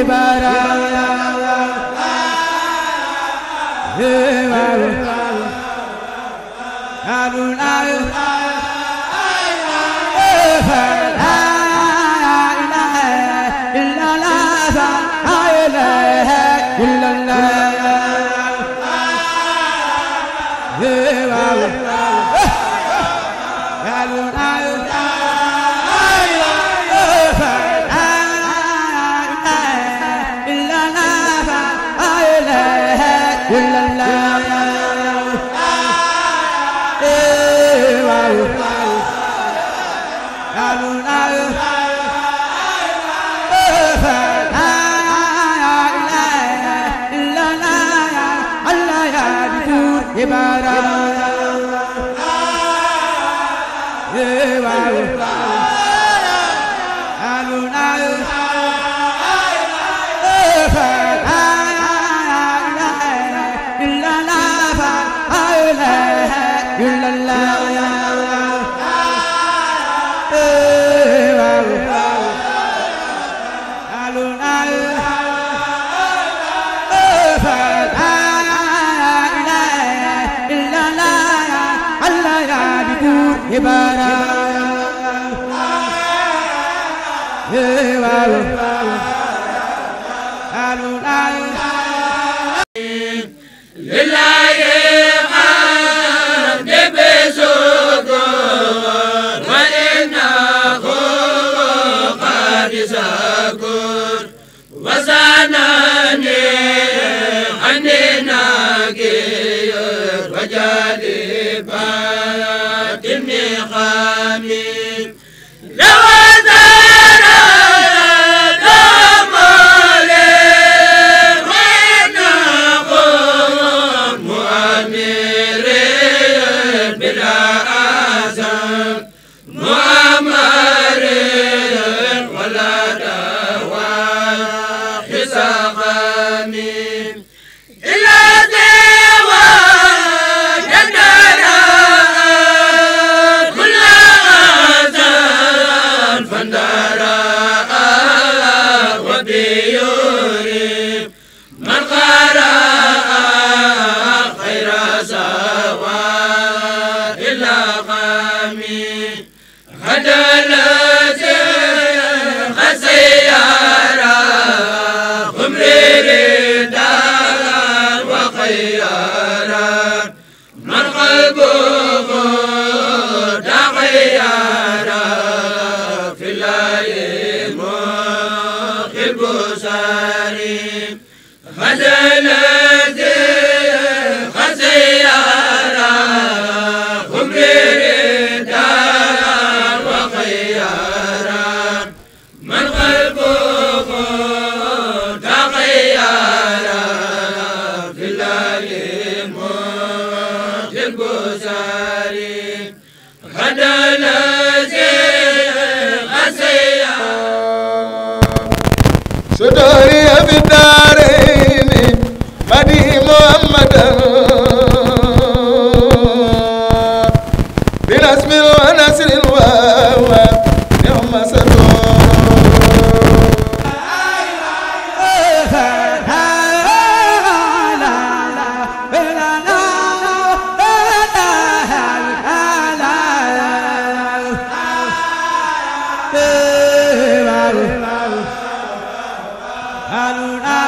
Ibara la la بساكر وزانا ila دوري في الدار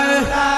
la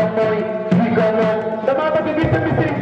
moom mooy di gannaaw damaa bëgg nit tamit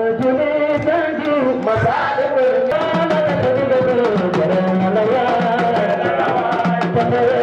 Thank you.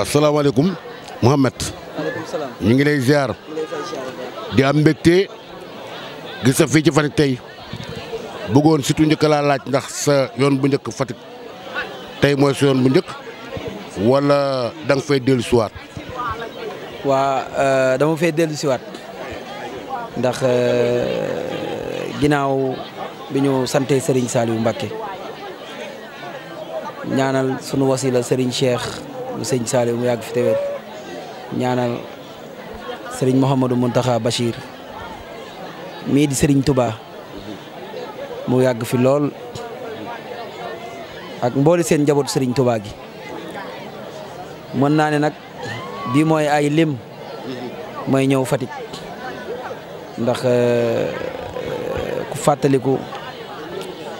waaw salaamaaleykum Mouhamed. ñu ngi lay ziar. di am mbégte gis sa fii ci Fatick tey bëggoon surtout njëkk laa laaj ndax sa yoon bu njëkk Fatick tey mooy sa yoon bu njëkk wala da nga fay dellu siwaat waa euh, dama fay dellu ndax euh, ginnaaw bi ñu sante Serigne Saliou Mbacké ñaanal sunu wasila sëriñ Cheikh. sëñ Saliou mu yàgg fi te wér ñaanal sëriñ Mouhamadou Mountakha Bachir mii di sëriñ tubaa mu yàgg fi lool ak mbooli seen njaboot sëriñ tubaa gi mën naa ne nag bii mooy ay lim mooy ñëw Fatick ndax euh, ku fàttaliku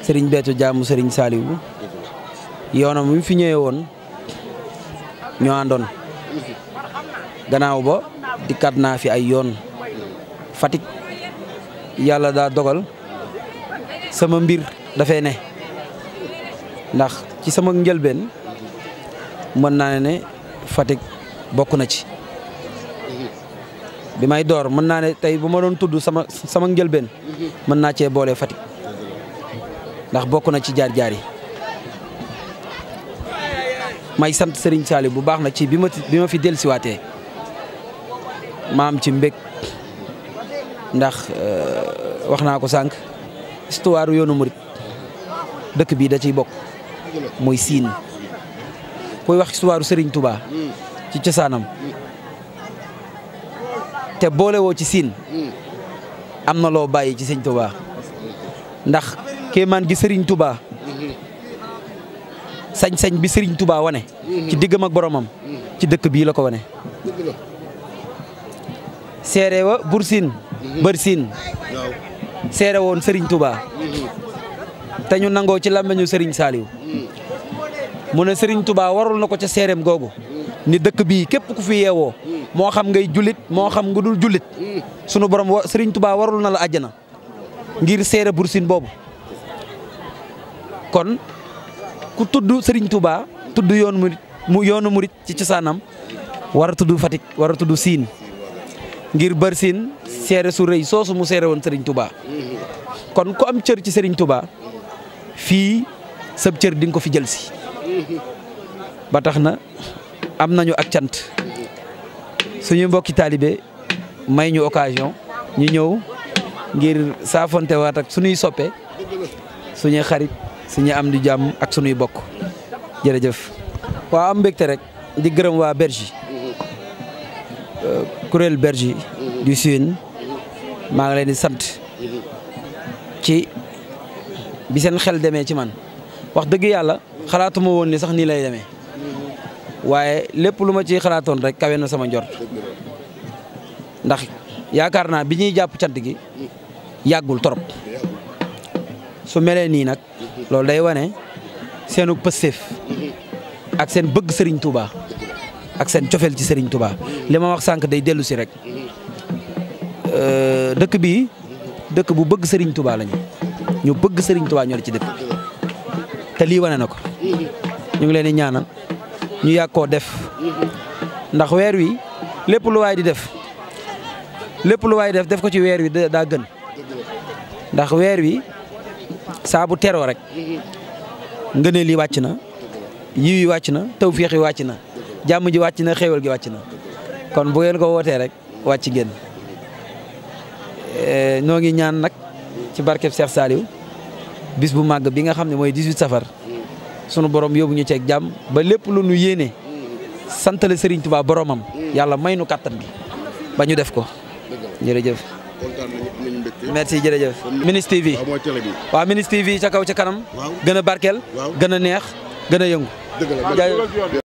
sëriñ beetu jaamu sëriñ Saliou yoonam wi fi ñëwee woon ñoo àndoon gannaaw ba dikkaat naa fi ay yoon Fatick yàlla daa dogal sama mbir dafay ne ndax ci sama njëlbeen mën naa ne Fatick bokk na ci bi may door mën naa ne tey bu ma doon tudd sama sama njëlbeen mën naa cee boole Fatick ndax bokk na ci jaar-jaar may sant Serigne Saliou bu baax nag ci bi ma bi ma fi dellusiwaatee ma ci mbég ndax euh, wax naa ko sànq histoire yoonu murit dëkk bii da ciy bokk mooy siin kuy wax histoire sëriñ Touba ci cosaanam te boolewoo ci siin am na loo bàyyi ci Serigne Touba ndax kéemaan gi sëriñ Touba. sañ-sañ bi sëriñ Touba wane. ci diggam ak boromam. ci dëkk bii la ko wane. seere wa bursin bërsin seere woon Serigne Touba. te ñu nangoo ci làmmiñu sëriñ Saliou. mu ne sëriñ tubaa warul na ko ca seereem googu. ni dëkk bii képp ku fi yeewoo. moo xam ngay julit moo xam nga dul julit. sunu borom sëriñ tubaa warul na la àjjana. ngir seere bursin boobu kon. ku tudd Serigne Touba tudd yoonu murit murit ci cosaanam war a tudd Fatick war tudd Siin ngir bër Siin seere su rëy soosu mu seere woon Serigne Touba kon ku am cër ci sëriñ Touba fii sab cër di ko fi jël si ba tax na am nañu ak cant suñu mbokki taalibe may ñu occasion ñu ñëw ngir saafonte waat ak suñuy soppe suñuy xarit suñu am di jàmm ak suñuy bokk jërëjëf waa am mbégte rek di gërëm waa Bergy euh, kuréel Bergy du Sine maa ngi leen di sant ci bi seen xel demee ci man wax dëgg yàlla xalaatuma woon ni sax nii lay demee waaye lépp lu ma ciy xalaatoon rek kawe na sama njort ndax yaakaar naa bi ñuy jàpp cant gi yàggul torop su melee nii nag loolu day wane seenu pësteef ak seen bëgg sëriñ Touba ak seen cofeel ci sëriñ Touba li ma wax sànq day dellu si rek euh, dëkk bi dëkk bu bëgg sëriñ Touba lañu ñu bëgg sëriñ Touba ñoo ci dëkk te lii wane na ko ñu ngi leen di ñaanal ñu yàgg koo def ndax weer wi lépp lu waay di def lépp lu waay def def ko ci weer wi daa gën ndax weer wi saa bu teroo rek ngëneel yi wàcc na yiw yi wàcc na tawféex yi wàcc na jàmm ji wàcc na xéewal gi wàcc na kon bu ngeen ko wootee rek wàcc génn eh, noo ngi ñaan nag ci barkeb Cheikh Saliou bis bu màgg bi nga xam ne mooy 18 safar sunu borom yóbbu ñu ceeg jàmm ba lépp lu nu yéene santale Serigne Touba boromam yàlla may nu kàttan bi ba ñu def ko jërëjëf merci jërëjëf. Mindiss TV waaw Mindiss TV ca kaw ca kanam. gën a barkeel. a neex gën a